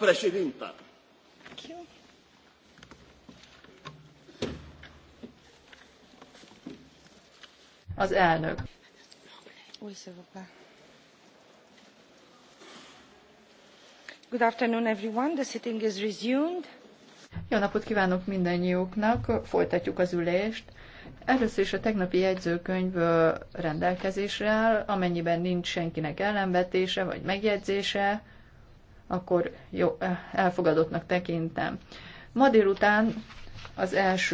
președintă. Az elnök. Good afternoon, everyone. The sitting is resumed. Jó napot kívánok mindannyiuknak, folytatjuk az ülést. Először is a tegnapi jegyzőkönyv rendelkezésre áll, amennyiben nincs senkinek ellenvetése vagy megjegyzése, akkor jó, eh, elfogadottnak tekintem. Ma délután az első